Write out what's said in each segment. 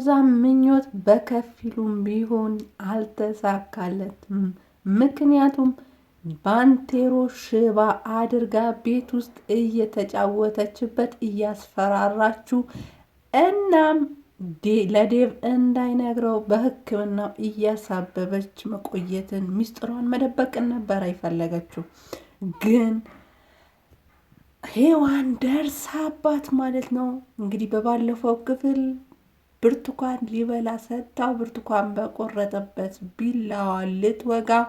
የሮዛ ምኞት በከፊሉም ቢሆን አልተሳካለትም። ምክንያቱም ባንቴሮ ሽባ አድርጋ ቤት ውስጥ እየተጫወተችበት እያስፈራራችው እናም ለዴቭ እንዳይነግረው በሕክምናው እያሳበበች መቆየትን ሚስጥሯን መደበቅን ነበር አይፈለገችው። ግን ሄዋን ደርሳባት ማለት ነው። እንግዲህ በባለፈው ክፍል ብርቱካን ሊበላ ሰጥታው ብርቱካን በቆረጠበት ቢላዋ ልትወጋው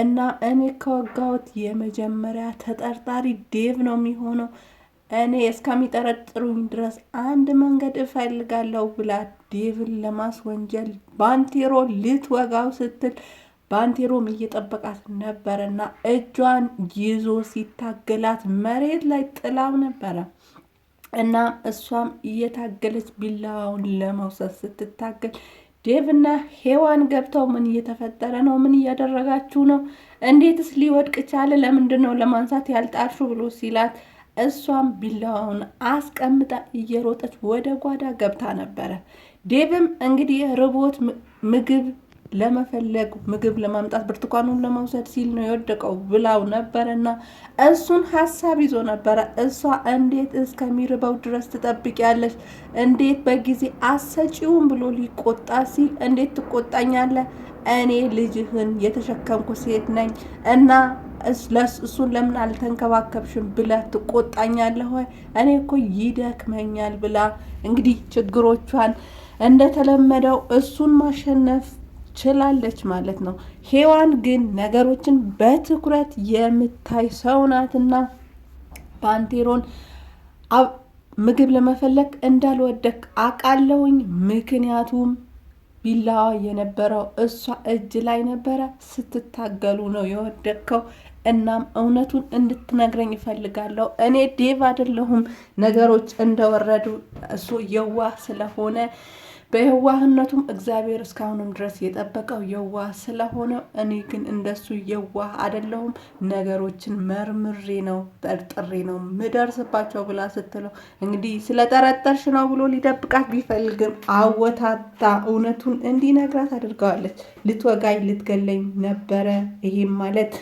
እና እኔ ከወጋሁት የመጀመሪያ ተጠርጣሪ ዴቭ ነው የሚሆነው እኔ እስከሚጠረጥሩኝ ድረስ አንድ መንገድ እፈልጋለሁ ብላ ዴቭን ለማስወንጀል ባንቴሮ ልትወጋው ስትል ባንቴሮም እየጠበቃት ነበረና እጇን ይዞ ሲታገላት መሬት ላይ ጥላው ነበረ። እና እሷም እየታገለች ቢላዋውን ለመውሰድ ስትታገል ዴቭና ሄዋን ገብተው ምን እየተፈጠረ ነው? ምን እያደረጋችሁ ነው? እንዴትስ ሊወድቅ ቻለ? ለምንድን ነው ለማንሳት ያልጣርሹ? ብሎ ሲላት እሷም ቢላዋውን አስቀምጣ እየሮጠች ወደ ጓዳ ገብታ ነበረ። ዴቭም እንግዲህ ርቦት ምግብ ለመፈለግ ምግብ ለማምጣት ብርቱካኑን ለመውሰድ ሲል ነው የወደቀው ብላው ነበረና እሱን ሀሳብ ይዞ ነበረ። እሷ እንዴት እስከሚርበው ድረስ ትጠብቂያለሽ? እንዴት በጊዜ አሰጪውን ብሎ ሊቆጣ ሲል እንዴት ትቆጣኛለህ? እኔ ልጅህን የተሸከምኩ ሴት ነኝ እና እሱን ለምን አልተንከባከብሽም ብለህ ትቆጣኛለህ ወይ? እኔ እኮ ይደክመኛል ብላ እንግዲህ ችግሮቿን እንደተለመደው እሱን ማሸነፍ ችላለች ማለት ነው። ሄዋን ግን ነገሮችን በትኩረት የምታይ ሰው ናትና ባንቴሮን ምግብ ለመፈለግ እንዳልወደክ አውቃለሁኝ። ምክንያቱም ቢላዋ የነበረው እሷ እጅ ላይ ነበረ። ስትታገሉ ነው የወደከው እናም እውነቱን እንድትነግረኝ እፈልጋለሁ። እኔ ዴቭ አይደለሁም። ነገሮች እንደወረዱ እሱ የዋህ ስለሆነ በየዋህነቱም እግዚአብሔር እስካሁንም ድረስ የጠበቀው የዋህ ስለሆነ እኔ ግን እንደሱ የዋህ አይደለሁም፣ ነገሮችን መርምሬ ነው ጠርጥሬ ነው ምደርስባቸው ብላ ስትለው እንግዲህ ስለጠረጠርሽ ነው ብሎ ሊደብቃት ቢፈልግም አወታታ እውነቱን እንዲነግራት አድርገዋለች። ልትወጋኝ ልትገለኝ ነበረ። ይሄም ማለት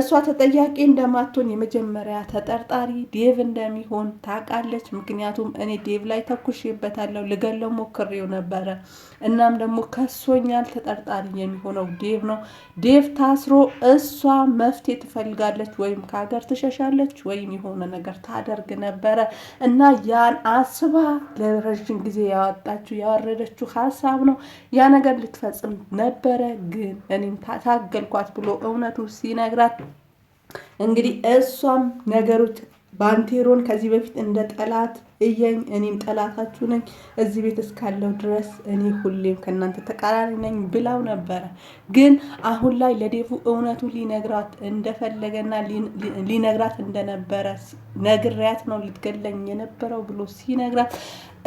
እሷ ተጠያቂ እንደማትሆን የመጀመሪያ ተጠርጣሪ ዴቭ እንደሚሆን ታውቃለች። ምክንያቱም እኔ ዴቭ ላይ ተኩሼበታለሁ፣ ልገለው ሞክሬው ነበረ። እናም ደግሞ ከሶኛል። ተጠርጣሪ የሚሆነው ዴቭ ነው። ዴቭ ታስሮ እሷ መፍትሄ ትፈልጋለች፣ ወይም ከሀገር ትሸሻለች፣ ወይም የሆነ ነገር ታደርግ ነበረ እና ያን አስባ ለረዥም ጊዜ ያወጣችው ያወረደችው ሀሳብ ነው። ያ ነገር ልትፈጽም ነበረ፣ ግን እኔም ታገልኳት ብሎ እውነቱ ሲነግራት እንግዲህ እሷም ነገሮች ባንቴሮን ከዚህ በፊት እንደ ጠላት እየኝ እኔም ጠላታችሁ ነኝ፣ እዚህ ቤት እስካለው ድረስ እኔ ሁሌም ከእናንተ ተቃራኒ ነኝ ብላው ነበረ። ግን አሁን ላይ ለዴቡ እውነቱ ሊነግራት እንደፈለገና ሊነግራት እንደነበረ ነግሪያት ነው ልትገለኝ የነበረው ብሎ ሲነግራት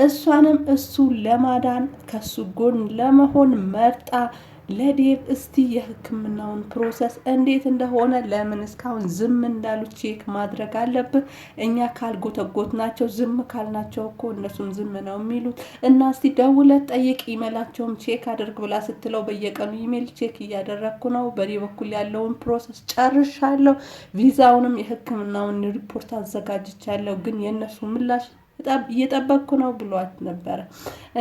እሷንም እሱ ለማዳን ከሱ ጎን ለመሆን መርጣ ለዴቭ እስቲ የህክምናውን ፕሮሰስ እንዴት እንደሆነ ለምን እስካሁን ዝም እንዳሉ ቼክ ማድረግ አለብህ። እኛ ካልጎተጎት ናቸው ዝም ካልናቸው እኮ እነሱም ዝም ነው የሚሉት እና እስቲ ደውለት ጠይቅ፣ ኢሜላቸውም ቼክ አድርግ ብላ ስትለው በየቀኑ ኢሜል ቼክ እያደረግኩ ነው፣ በኔ በኩል ያለውን ፕሮሰስ ጨርሻለሁ፣ ቪዛውንም የህክምናውን ሪፖርት አዘጋጅቻለሁ፣ ግን የእነሱ ምላሽ እየጠበቅኩ ነው ብሏት ነበረ።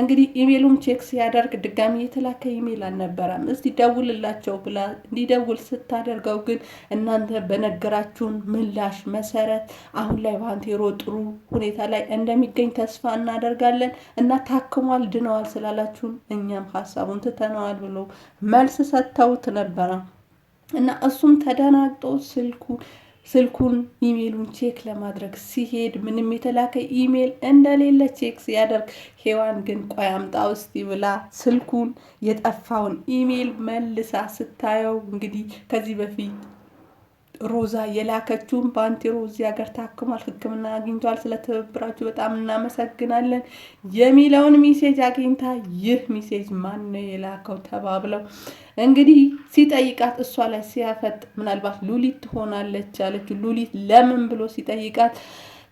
እንግዲህ ኢሜሉም ቼክ ሲያደርግ ድጋሚ የተላከ ኢሜል አልነበረም። እስቲ ደውልላቸው ብላ እንዲደውል ስታደርገው ግን እናንተ በነገራችሁን ምላሽ መሰረት አሁን ላይ ባንቴሮ ጥሩ ሁኔታ ላይ እንደሚገኝ ተስፋ እናደርጋለን እና ታክሟል፣ ድነዋል ስላላችሁን እኛም ሀሳቡን ትተነዋል ብሎ መልስ ሰጥተውት ነበረ እና እሱም ተደናግጦ ስልኩ ስልኩን ኢሜሉን ቼክ ለማድረግ ሲሄድ ምንም የተላከ ኢሜል እንደሌለ ቼክ ሲያደርግ ሔዋን ግን ቆይ አምጣ ውስጥ ብላ ስልኩን የጠፋውን ኢሜል መልሳ ስታየው እንግዲህ ከዚህ በፊት ሮዛ የላከችውን ባንቴሮ እዚህ ሀገር ታክሟል፣ ሕክምና አግኝቷል፣ ስለ ትብብራችሁ በጣም እናመሰግናለን የሚለውን ሚሴጅ አግኝታ ይህ ሚሴጅ ማን ነው የላከው ተባብለው እንግዲህ ሲጠይቃት እሷ ላይ ሲያፈጥ ምናልባት ሉሊት ትሆናለች አለችው። ሉሊት ለምን ብሎ ሲጠይቃት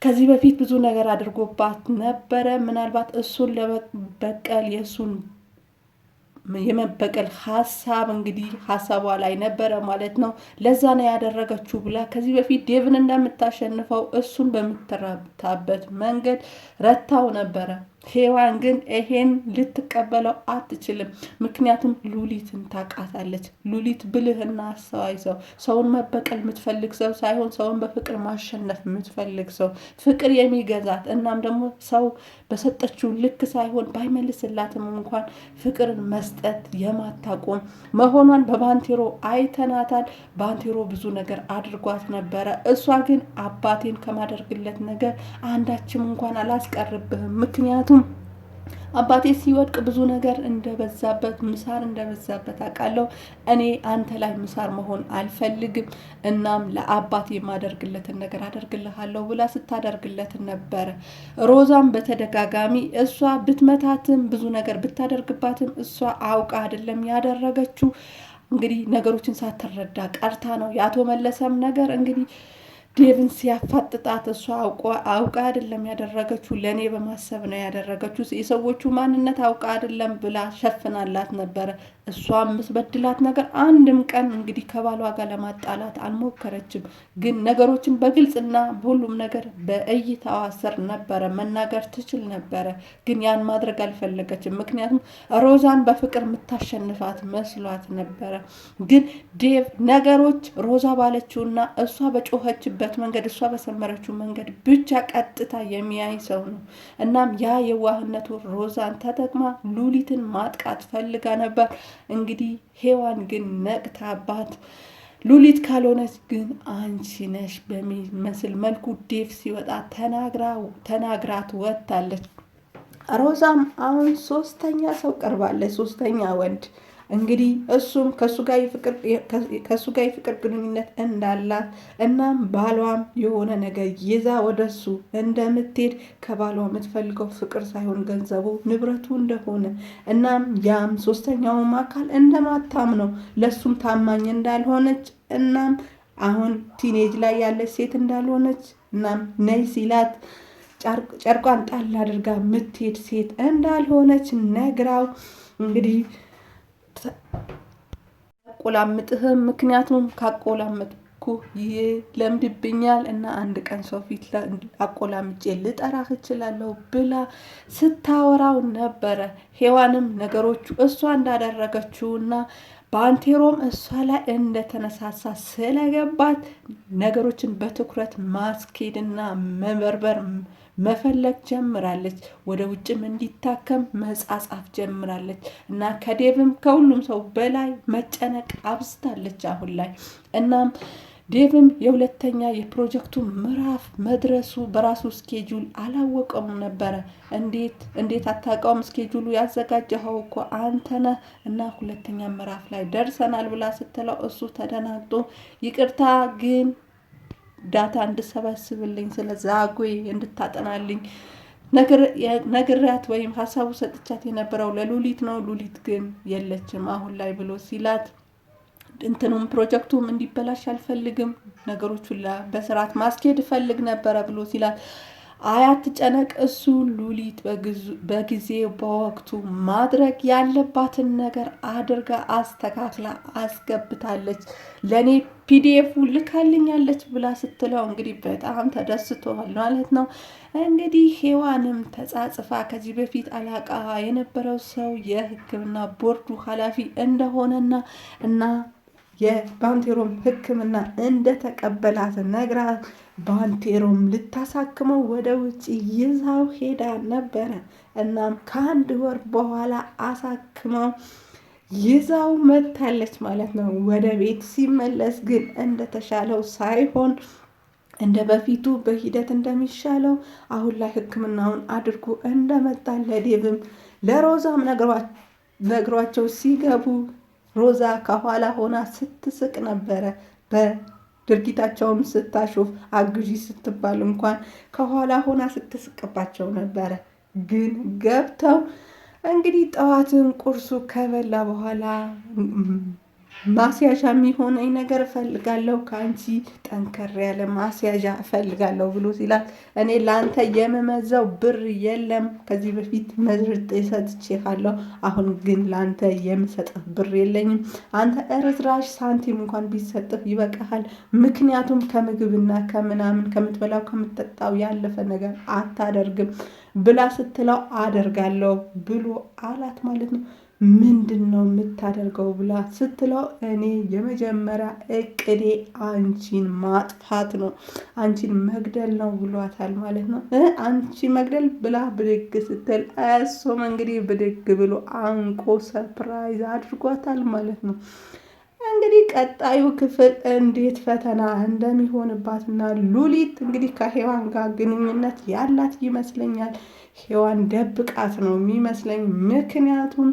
ከዚህ በፊት ብዙ ነገር አድርጎባት ነበረ። ምናልባት እሱን ለበቀል የእሱን የመበቀል ሀሳብ እንግዲህ ሀሳቧ ላይ ነበረ ማለት ነው። ለዛ ነው ያደረገችው ብላ ከዚህ በፊት ዴቭን እንደምታሸንፈው እሱን በምትረታበት መንገድ ረታው ነበረ። ሄዋን ግን ይሄን ልትቀበለው አትችልም። ምክንያቱም ሉሊትን ታውቃታለች። ሉሊት ብልህና አስተዋይ ሰው፣ ሰውን መበቀል የምትፈልግ ሰው ሳይሆን ሰውን በፍቅር ማሸነፍ የምትፈልግ ሰው፣ ፍቅር የሚገዛት እናም ደግሞ ሰው በሰጠችው ልክ ሳይሆን ባይመልስላትም እንኳን ፍቅርን መስጠት የማታቆም መሆኗን በባንቴሮ አይተናታል። ባንቴሮ ብዙ ነገር አድርጓት ነበረ። እሷ ግን አባቴን ከማደርግለት ነገር አንዳችም እንኳን አላስቀርብህም ምክንያቱ ምክንያቱም አባቴ ሲወድቅ ብዙ ነገር እንደበዛበት ምሳር እንደበዛበት አውቃለሁ። እኔ አንተ ላይ ምሳር መሆን አልፈልግም። እናም ለአባቴ የማደርግለትን ነገር አደርግልሃለሁ ብላ ስታደርግለት ነበረ። ሮዛም በተደጋጋሚ እሷ ብትመታትም ብዙ ነገር ብታደርግባትም እሷ አውቃ አይደለም ያደረገችው። እንግዲህ ነገሮችን ሳትረዳ ቀርታ ነው። የአቶ መለሰም ነገር እንግዲህ ዴቭን ሲያፋጥጣት እሷ አውቃ አይደለም ያደረገችው፣ ለእኔ በማሰብ ነው ያደረገችው፣ የሰዎቹ ማንነት አውቃ አይደለም ብላ ሸፍናላት ነበረ። እሷ የምትበድላት ነገር አንድም ቀን እንግዲህ ከባሏ ጋር ለማጣላት አልሞከረችም። ግን ነገሮችን በግልጽና በሁሉም ነገር በእይታዋ ስር ነበረ መናገር ትችል ነበረ። ግን ያን ማድረግ አልፈለገችም። ምክንያቱም ሮዛን በፍቅር የምታሸንፋት መስሏት ነበረ። ግን ዴቭ ነገሮች ሮዛ ባለችውና እሷ በጮኸችበት መንገድ፣ እሷ በሰመረችው መንገድ ብቻ ቀጥታ የሚያይ ሰው ነው። እናም ያ የዋህነቱ ሮዛን ተጠቅማ ሉሊትን ማጥቃት ፈልጋ ነበር። እንግዲህ ሄዋን ግን ነቅታባት ሉሊት ካልሆነች ግን አንቺ ነሽ በሚመስል መልኩ ዴፍ ሲወጣ ተናግራት ወጥታለች። ሮዛም አሁን ሶስተኛ ሰው ቀርባለች፣ ሶስተኛ ወንድ እንግዲህ እሱም ከእሱ ጋር የፍቅር ግንኙነት እንዳላት እናም ባሏም የሆነ ነገር ይዛ ወደሱ እንደምትሄድ ከባሏ የምትፈልገው ፍቅር ሳይሆን ገንዘቡ ንብረቱ እንደሆነ እናም ያም ሶስተኛውም አካል እንደማታም ነው ለእሱም ታማኝ እንዳልሆነች እናም አሁን ቲኔጅ ላይ ያለች ሴት እንዳልሆነች እናም ነይ ሲላት ጨርቋን ጣል አድርጋ የምትሄድ ሴት እንዳልሆነች ነግራው እንግዲህ አቆላምጥህም፣ ምክንያቱም ካቆላመጥኩ ይለምድብኛል እና አንድ ቀን ሰው ፊት አቆላምጬ ልጠራህ እችላለሁ ብላ ስታወራው ነበረ። ሔዋንም ነገሮቹ እሷ እንዳደረገችውና ባንቴሮም እሷ ላይ እንደተነሳሳ ስለገባት ነገሮችን በትኩረት ማስኬድና መበርበር መፈለግ ጀምራለች። ወደ ውጭም እንዲታከም መጻጻፍ ጀምራለች እና ከዴቭም ከሁሉም ሰው በላይ መጨነቅ አብዝታለች አሁን ላይ እናም ዴቭም የሁለተኛ የፕሮጀክቱ ምዕራፍ መድረሱ በራሱ ስኬጁል አላወቀውም ነበረ። እንዴት እንዴት አታውቀውም? ስኬጁሉ ያዘጋጀኸው እኮ አንተ ነህ እና ሁለተኛ ምዕራፍ ላይ ደርሰናል ብላ ስትለው እሱ ተደናግጦ ይቅርታ ግን ዳታ እንድሰበስብልኝ ስለ ዛጉዌ እንድታጠናልኝ ነግሪያት ወይም ሀሳቡ ሰጥቻት የነበረው ለሉሊት ነው። ሉሊት ግን የለችም አሁን ላይ ብሎ ሲላት እንትኑም ፕሮጀክቱም እንዲበላሽ አልፈልግም፣ ነገሮቹን በስርዓት ማስኬድ እፈልግ ነበረ ብሎ ሲላት አያትጨነቅ እሱ ሉሊት በጊዜ በወቅቱ ማድረግ ያለባትን ነገር አድርጋ አስተካክላ አስገብታለች፣ ለእኔ ፒዲኤፉ ልካልኛለች ብላ ስትለው እንግዲህ በጣም ተደስቷል ማለት ነው። እንግዲህ ሔዋንም ተጻጽፋ ከዚህ በፊት አላቃ የነበረው ሰው የሕክምና ቦርዱ ኃላፊ እንደሆነና እና የባንቴሮም ሕክምና እንደተቀበላት ነግራ ባንቴሮም ልታሳክመው ወደ ውጭ ይዛው ሄዳ ነበረ። እናም ከአንድ ወር በኋላ አሳክመው ይዛው መታለች ማለት ነው። ወደ ቤት ሲመለስ ግን እንደተሻለው ሳይሆን እንደ በፊቱ በሂደት እንደሚሻለው አሁን ላይ ህክምናውን አድርጎ እንደመጣ ለዴብም ለሮዛም ነግሯቸው ሲገቡ ሮዛ ከኋላ ሆና ስትስቅ ነበረ። በድርጊታቸውም ስታሾፍ አግዢ ስትባል እንኳን ከኋላ ሆና ስትስቅባቸው ነበረ። ግን ገብተው እንግዲህ ጠዋትን ቁርሱ ከበላ በኋላ ማስያዣ የሚሆነኝ ነገር እፈልጋለሁ ከአንቺ ጠንከር ያለ ማስያዣ እፈልጋለሁ ብሎ ሲላት፣ እኔ ለአንተ የምመዘው ብር የለም፣ ከዚህ በፊት መርጬ ካለው አሁን ግን ለአንተ የምሰጥህ ብር የለኝም። አንተ እርዝራሽ ሳንቲም እንኳን ቢሰጥህ ይበቃሃል። ምክንያቱም ከምግብና ከምናምን ከምትበላው ከምትጠጣው ያለፈ ነገር አታደርግም ብላ ስትለው አደርጋለሁ ብሎ አላት ማለት ነው። ምንድን ነው የምታደርገው ብላ ስትለው እኔ የመጀመሪያ እቅዴ አንቺን ማጥፋት ነው፣ አንቺን መግደል ነው ብሏታል ማለት ነው። አንቺ መግደል ብላ ብድግ ስትል እሱም እንግዲህ ብድግ ብሎ አንቆ ሰርፕራይዝ አድርጓታል ማለት ነው። እንግዲህ ቀጣዩ ክፍል እንዴት ፈተና እንደሚሆንባትና ሉሊት እንግዲህ ከሔዋን ጋር ግንኙነት ያላት ይመስለኛል። ሔዋን ደብቃት ነው የሚመስለኝ ምክንያቱም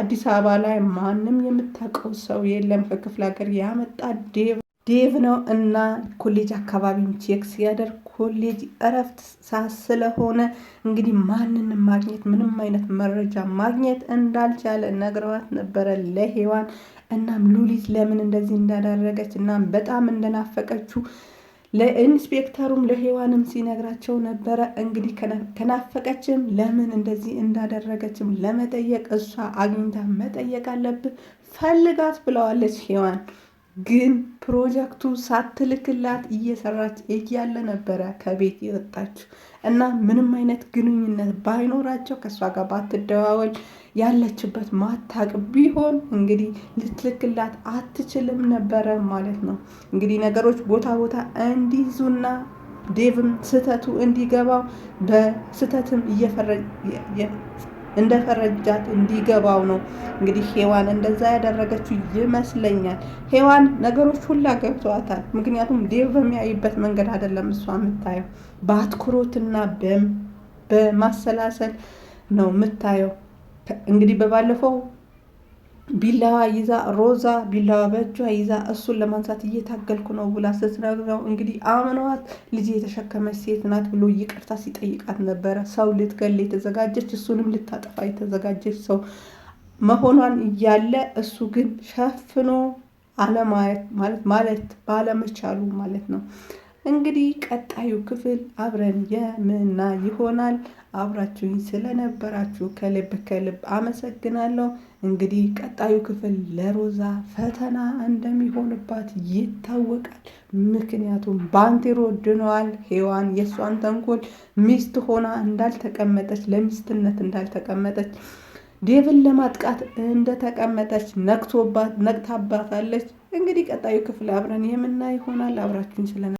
አዲስ አበባ ላይ ማንም የምታውቀው ሰው የለም። ከክፍለ ሀገር ያመጣ ዴቭ ነው እና ኮሌጅ አካባቢም ቼክ ሲያደርግ ኮሌጅ እረፍት ሰዓት ስለሆነ እንግዲህ ማንንም ማግኘት ምንም አይነት መረጃ ማግኘት እንዳልቻለ ነግረዋት ነበረ ለሄዋን። እናም ሉሊት ለምን እንደዚህ እንዳደረገች እናም በጣም እንደናፈቀችው ለኢንስፔክተሩም ለሔዋንም ሲነግራቸው ነበረ። እንግዲህ ከናፈቀችም ለምን እንደዚህ እንዳደረገችም ለመጠየቅ እሷ አግኝታ መጠየቅ አለብን ፈልጋት ብለዋለች። ሔዋን ግን ፕሮጀክቱ ሳትልክላት እየሰራች እያለ ነበረ ከቤት የወጣችው እና ምንም አይነት ግንኙነት ባይኖራቸው ከእሷ ጋር ባትደዋወል ያለችበት ማታቅ ቢሆን እንግዲህ ልትልክላት አትችልም ነበረ ማለት ነው። እንግዲህ ነገሮች ቦታ ቦታ እንዲይዙና ዴቭም ስህተቱ እንዲገባው በስህተትም እንደ ፈረጃት እንዲገባው ነው እንግዲህ ሄዋን እንደዛ ያደረገችው ይመስለኛል። ሄዋን ነገሮች ሁላ ገብተዋታል። ምክንያቱም ዴቭ በሚያይበት መንገድ አይደለም እሷ የምታየው፣ በአትኩሮትና በማሰላሰል ነው የምታየው። እንግዲህ በባለፈው ቢላዋ ይዛ ሮዛ ቢላዋ በእጇ ይዛ እሱን ለማንሳት እየታገልኩ ነው ብላ ስትነግረው እንግዲህ አምነዋት ልጅ የተሸከመች ሴት ናት ብሎ ይቅርታ ሲጠይቃት ነበረ። ሰው ልትገል የተዘጋጀች እሱንም ልታጠፋ የተዘጋጀች ሰው መሆኗን እያለ እሱ ግን ሸፍኖ አለማየት ማለት ማለት ባለመቻሉ ማለት ነው። እንግዲህ ቀጣዩ ክፍል አብረን የምና ይሆናል። አብራችሁኝ ስለነበራችሁ ከልብ ከልብ አመሰግናለሁ። እንግዲህ ቀጣዩ ክፍል ለሮዛ ፈተና እንደሚሆንባት ይታወቃል። ምክንያቱም ባንቴሮ ድነዋል። ሔዋን የእሷን ተንኮል ሚስት ሆና እንዳልተቀመጠች ለሚስትነት እንዳልተቀመጠች ዴቭን ለማጥቃት እንደተቀመጠች ነቅቶባት ነቅታባታለች። እንግዲህ ቀጣዩ ክፍል አብረን የምናይ ይሆናል። አብራችሁን ስለ